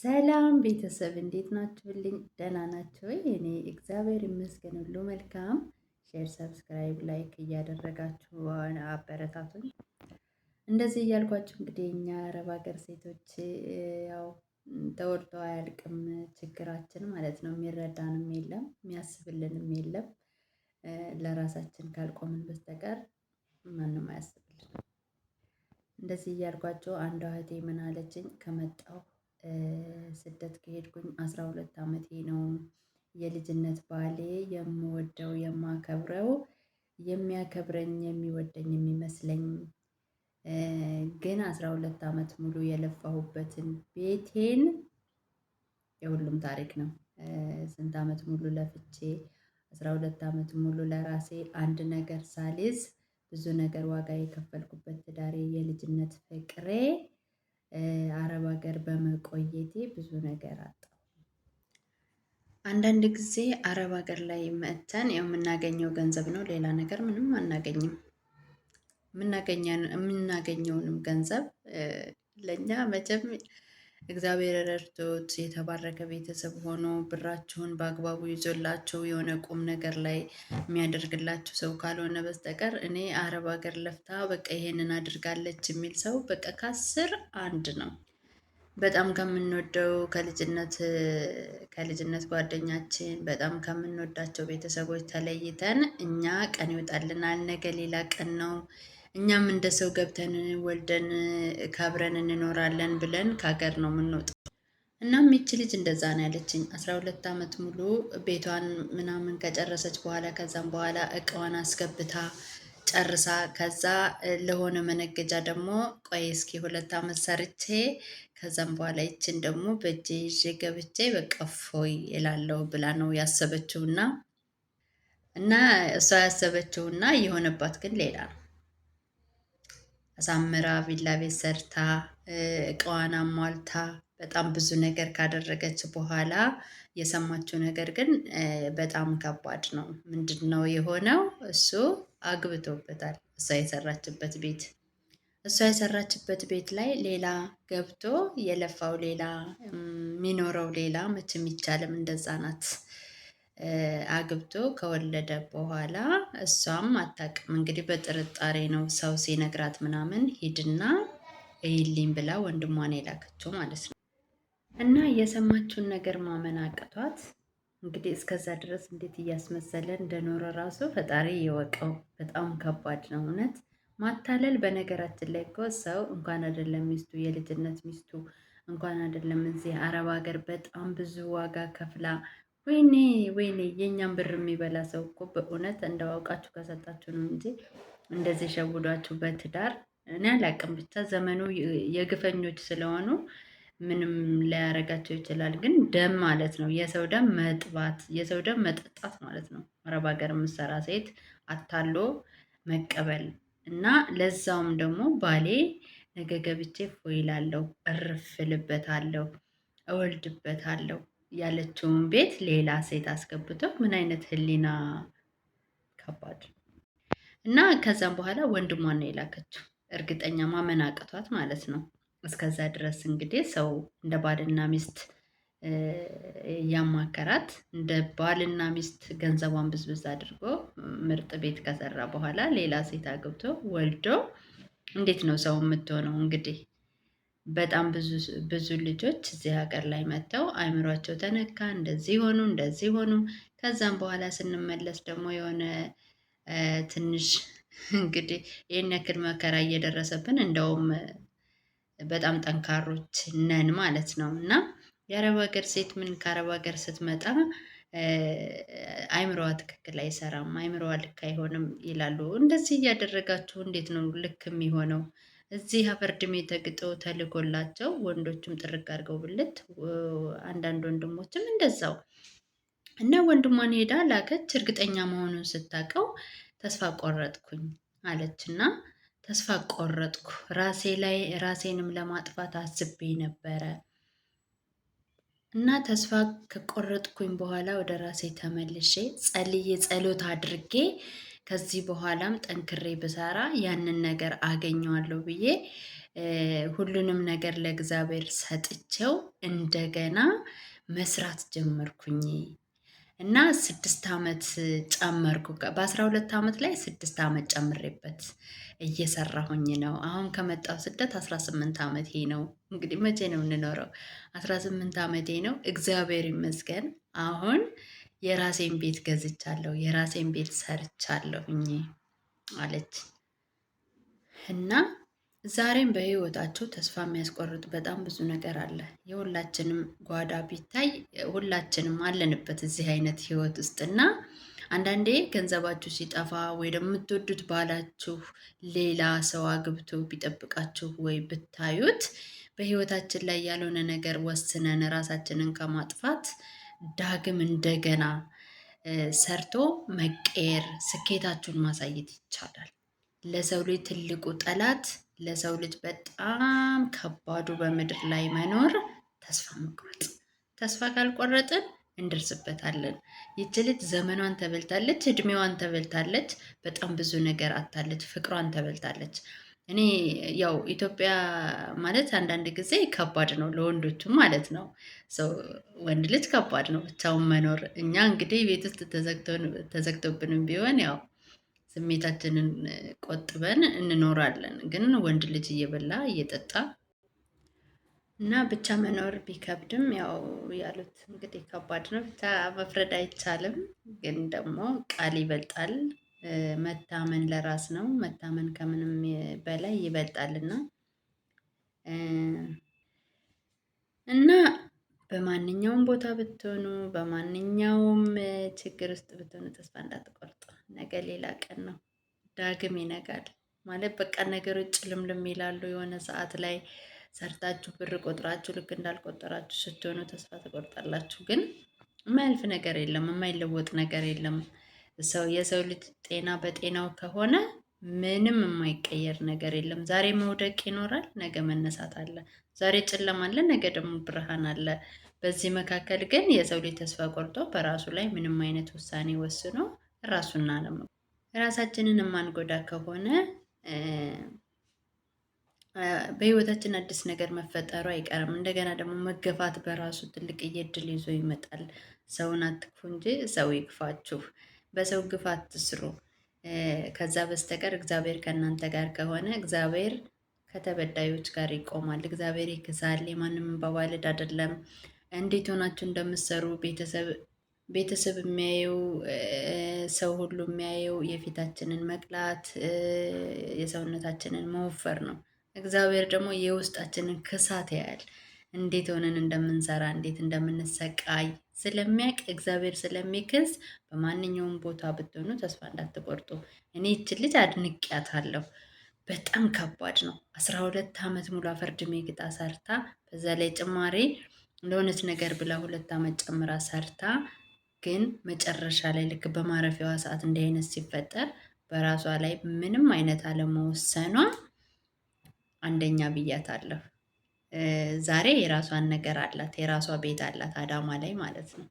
ሰላም ቤተሰብ እንዴት ናችሁልኝ? ደህና ናችሁ ወይ? እኔ እግዚአብሔር ይመስገን ሁሉ መልካም። ሼር፣ ሰብስክራይብ፣ ላይክ እያደረጋችሁ አበረታቱኝ። እንደዚህ እያልኳችሁ እንግዲህ እኛ አረብ ሀገር ሴቶች ያው ተወርቶ አያልቅም ችግራችን ማለት ነው። የሚረዳንም የለም የሚያስብልንም የለም። ለራሳችን ካልቆምን በስተቀር ማንም አያስብልን። እንደዚህ እያልኳቸው አንዷ እህቴ ምን አለችኝ ከመጣሁ ስደት ከሄድኩኝ አስራ ሁለት ዓመቴ ነው። የልጅነት ባሌ የምወደው የማከብረው የሚያከብረኝ የሚወደኝ የሚመስለኝ ግን አስራ ሁለት ዓመት ሙሉ የለፋሁበትን ቤቴን የሁሉም ታሪክ ነው። ስንት አመት ሙሉ ለፍቼ አስራ ሁለት አመት ሙሉ ለራሴ አንድ ነገር ሳልይዝ ብዙ ነገር ዋጋ የከፈልኩበት ትዳሬ የልጅነት ፍቅሬ አረብ ሀገር በመቆየቴ ብዙ ነገር አጣሁ። አንዳንድ ጊዜ አረብ ሀገር ላይ መጥተን የምናገኘው ገንዘብ ነው፣ ሌላ ነገር ምንም አናገኝም። የምናገኘውንም ገንዘብ ለእኛ መቼም እግዚአብሔር ረድቶት የተባረከ ቤተሰብ ሆኖ ብራቸውን በአግባቡ ይዞላቸው የሆነ ቁም ነገር ላይ የሚያደርግላቸው ሰው ካልሆነ በስተቀር እኔ አረብ ሀገር ለፍታ በቃ ይሄንን አድርጋለች የሚል ሰው በቃ ከአስር አንድ ነው። በጣም ከምንወደው ከልጅነት ከልጅነት ጓደኛችን በጣም ከምንወዳቸው ቤተሰቦች ተለይተን እኛ ቀን ይወጣልናል፣ ነገ ሌላ ቀን ነው እኛም እንደ ሰው ገብተን ወልደን ከብረን እንኖራለን ብለን ከሀገር ነው የምንወጣው። እናም ይቺ ልጅ እንደዛ ነው ያለችኝ። አስራ ሁለት ዓመት ሙሉ ቤቷን ምናምን ከጨረሰች በኋላ ከዛም በኋላ እቃዋን አስገብታ ጨርሳ ከዛ ለሆነ መነገጃ ደግሞ ቆይ እስኪ ሁለት ዓመት ሰርቼ ከዛም በኋላ ይችን ደግሞ በእጄ ይዤ ገብቼ በቃ ፎይ እላለሁ ብላ ነው ያሰበችውና እና እሷ ያሰበችውና የሆነባት ግን ሌላ ነው። አሳምራ ቪላ ቤት ሰርታ እቃዋን አሟልታ በጣም ብዙ ነገር ካደረገች በኋላ የሰማችው ነገር ግን በጣም ከባድ ነው። ምንድን ነው የሆነው? እሱ አግብቶበታል። እሷ የሰራችበት ቤት እሷ የሰራችበት ቤት ላይ ሌላ ገብቶ የለፋው ሌላ የሚኖረው ሌላ መቼም ይቻልም። እንደዛ ናት። አግብቶ ከወለደ በኋላ እሷም አታውቅም። እንግዲህ በጥርጣሬ ነው ሰው ሲነግራት ምናምን ሂድና እይልኝ ብላ ወንድሟን የላከችው ማለት ነው። እና የሰማችውን ነገር ማመን አቅቷት እንግዲህ እስከዛ ድረስ እንዴት እያስመሰለ እንደኖረ ራሱ ፈጣሪ የወቀው። በጣም ከባድ ነው እውነት ማታለል። በነገራችን ላይ እኮ ሰው እንኳን አይደለም ሚስቱ የልጅነት ሚስቱ እንኳን አይደለም እዚህ አረብ ሀገር በጣም ብዙ ዋጋ ከፍላ ወይኔ ወይኔ የእኛም ብር የሚበላ ሰው እኮ በእውነት እንዳዋውቃችሁ ከሰጣችሁ ነው እንጂ እንደዚህ ሸውዷችሁ በትዳር እኔ አላቅም። ብቻ ዘመኑ የግፈኞች ስለሆኑ ምንም ላያረጋቸው ይችላል። ግን ደም ማለት ነው የሰው ደም መጥባት፣ የሰው ደም መጠጣት ማለት ነው። አረብ ሀገር የምትሰራ ሴት አታሎ መቀበል እና ለዛውም ደግሞ ባሌ ነገ ገብቼ ፎይላለሁ፣ እርፍልበታለሁ፣ እወልድበታለሁ ያለችውን ቤት ሌላ ሴት አስገብተው ምን አይነት ህሊና ከባድ እና ከዛም በኋላ ወንድሟን ነው የላከችው። እርግጠኛ ማመን አቅቷት ማለት ነው። እስከዛ ድረስ እንግዲህ ሰው እንደ ባልና ሚስት ያማከራት እንደ ባልና ሚስት ገንዘቧን ብዝብዝ አድርጎ ምርጥ ቤት ከሰራ በኋላ ሌላ ሴት አግብቶ ወልዶ እንዴት ነው ሰው የምትሆነው እንግዲህ በጣም ብዙ ልጆች እዚህ ሀገር ላይ መጥተው አእምሯቸው ተነካ፣ እንደዚህ ሆኑ፣ እንደዚህ ሆኑ። ከዛም በኋላ ስንመለስ ደግሞ የሆነ ትንሽ እንግዲህ ይህን ያክል መከራ እየደረሰብን እንደውም በጣም ጠንካሮች ነን ማለት ነው። እና የአረብ ሀገር ሴት ምን ከአረብ ሀገር ስትመጣ አይምሮዋ ትክክል አይሰራም፣ አይምሮዋ ልክ አይሆንም ይላሉ። እንደዚህ እያደረጋችሁ እንዴት ነው ልክ የሚሆነው? እዚህ አፈርድሜ ተግጦ ተልኮላቸው ወንዶችም ጥርግ አድርገው ብልት፣ አንዳንድ ወንድሞችም እንደዛው እና ወንድሟን ሄዳ ላከች። እርግጠኛ መሆኑን ስታውቀው ተስፋ ቆረጥኩኝ አለች እና ተስፋ ቆረጥኩ፣ ራሴ ላይ ራሴንም ለማጥፋት አስቤ ነበረ እና ተስፋ ከቆረጥኩኝ በኋላ ወደ ራሴ ተመልሼ ጸልዬ ጸሎት አድርጌ ከዚህ በኋላም ጠንክሬ ብሰራ ያንን ነገር አገኘዋለሁ ብዬ ሁሉንም ነገር ለእግዚአብሔር ሰጥቼው እንደገና መስራት ጀመርኩኝ እና ስድስት ዓመት ጨመርኩ። በአስራ ሁለት ዓመት ላይ ስድስት ዓመት ጨምሬበት እየሰራሁኝ ነው። አሁን ከመጣው ስደት አስራ ስምንት ዓመቴ ነው። እንግዲህ መቼ ነው የምንኖረው? አስራ ስምንት ዓመቴ ነው። እግዚአብሔር ይመስገን አሁን የራሴን ቤት ገዝቻለሁ፣ የራሴን ቤት ሰርቻለሁ አለች እና ዛሬም በህይወታቸው ተስፋ የሚያስቆርጥ በጣም ብዙ ነገር አለ። የሁላችንም ጓዳ ቢታይ ሁላችንም አለንበት እዚህ አይነት ህይወት ውስጥና አንዳንዴ ገንዘባችሁ ሲጠፋ ወይ ደግሞ የምትወዱት ባላችሁ ሌላ ሰው አግብቶ ቢጠብቃችሁ ወይ ብታዩት በህይወታችን ላይ ያልሆነ ነገር ወስነን ራሳችንን ከማጥፋት ዳግም እንደገና ሰርቶ መቀየር፣ ስኬታችሁን ማሳየት ይቻላል። ለሰው ልጅ ትልቁ ጠላት፣ ለሰው ልጅ በጣም ከባዱ በምድር ላይ መኖር ተስፋ መቁረጥ። ተስፋ ካልቆረጥን እንደርስበታለን። ይች ልጅ ዘመኗን ተበልታለች፣ እድሜዋን ተበልታለች፣ በጣም ብዙ ነገር አታለች፣ ፍቅሯን ተበልታለች። እኔ ያው ኢትዮጵያ ማለት አንዳንድ ጊዜ ከባድ ነው ለወንዶቹ ማለት ነው። ሰው ወንድ ልጅ ከባድ ነው ብቻውን መኖር። እኛ እንግዲህ ቤት ውስጥ ተዘግቶብንም ቢሆን ያው ስሜታችንን ቆጥበን እንኖራለን። ግን ወንድ ልጅ እየበላ እየጠጣ እና ብቻ መኖር ቢከብድም ያው ያሉት እንግዲህ ከባድ ነው ብቻ መፍረድ አይቻልም። ግን ደግሞ ቃል ይበልጣል። መታመን ለራስ ነው። መታመን ከምንም በላይ ይበልጣልና እና በማንኛውም ቦታ ብትሆኑ፣ በማንኛውም ችግር ውስጥ ብትሆኑ ተስፋ እንዳትቆርጡ። ነገ ሌላ ቀን ነው፣ ዳግም ይነጋል ማለት በቃ ነገሮች ጭልምልም ይላሉ። የሆነ ሰዓት ላይ ሰርታችሁ ብር ቆጥራችሁ ልክ እንዳልቆጠራችሁ ስትሆኑ ተስፋ ትቆርጣላችሁ። ግን የማያልፍ ነገር የለም፣ የማይለወጥ ነገር የለም። ሰው የሰው ልጅ ጤና በጤናው ከሆነ ምንም የማይቀየር ነገር የለም። ዛሬ መውደቅ ይኖራል፣ ነገ መነሳት አለ። ዛሬ ጨለማ አለ፣ ነገ ደግሞ ብርሃን አለ። በዚህ መካከል ግን የሰው ልጅ ተስፋ ቆርጦ በራሱ ላይ ምንም አይነት ውሳኔ ወስኖ ራሱና ለመ ራሳችንን የማንጎዳ ከሆነ በህይወታችን አዲስ ነገር መፈጠሩ አይቀርም። እንደገና ደግሞ መገፋት በራሱ ትልቅ እድል ይዞ ይመጣል። ሰውን አትክፉ እንጂ ሰው ይክፋችሁ። በሰው ግፋት ትስሩ። ከዛ በስተቀር እግዚአብሔር ከእናንተ ጋር ከሆነ እግዚአብሔር ከተበዳዮች ጋር ይቆማል። እግዚአብሔር ይክሳል። የማንም በባልድ አይደለም። እንዴት ሆናችሁ እንደምትሰሩ ቤተሰብ የሚያየው ሰው ሁሉ የሚያየው የፊታችንን መቅላት የሰውነታችንን መወፈር ነው። እግዚአብሔር ደግሞ የውስጣችንን ክሳት ያያል። እንዴት ሆነን እንደምንሰራ እንዴት እንደምንሰቃይ ስለሚያውቅ እግዚአብሔር ስለሚክስ በማንኛውም ቦታ ብትሆኑ ተስፋ እንዳትቆርጡ። እኔ ይች ልጅ አድንቅያታለሁ። በጣም ከባድ ነው። አስራ ሁለት ዓመት ሙሉ አፈርድ ሜግጣ ግጣ ሰርታ በዛ ላይ ጭማሬ ለእውነት ነገር ብላ ሁለት ዓመት ጨምራ ሰርታ ግን መጨረሻ ላይ ልክ በማረፊያዋ ሰዓት እንዲህ አይነት ሲፈጠር በራሷ ላይ ምንም አይነት አለመወሰኗ አንደኛ ብያታለሁ። ዛሬ የራሷን ነገር አላት። የራሷ ቤት አላት አዳማ ላይ ማለት ነው።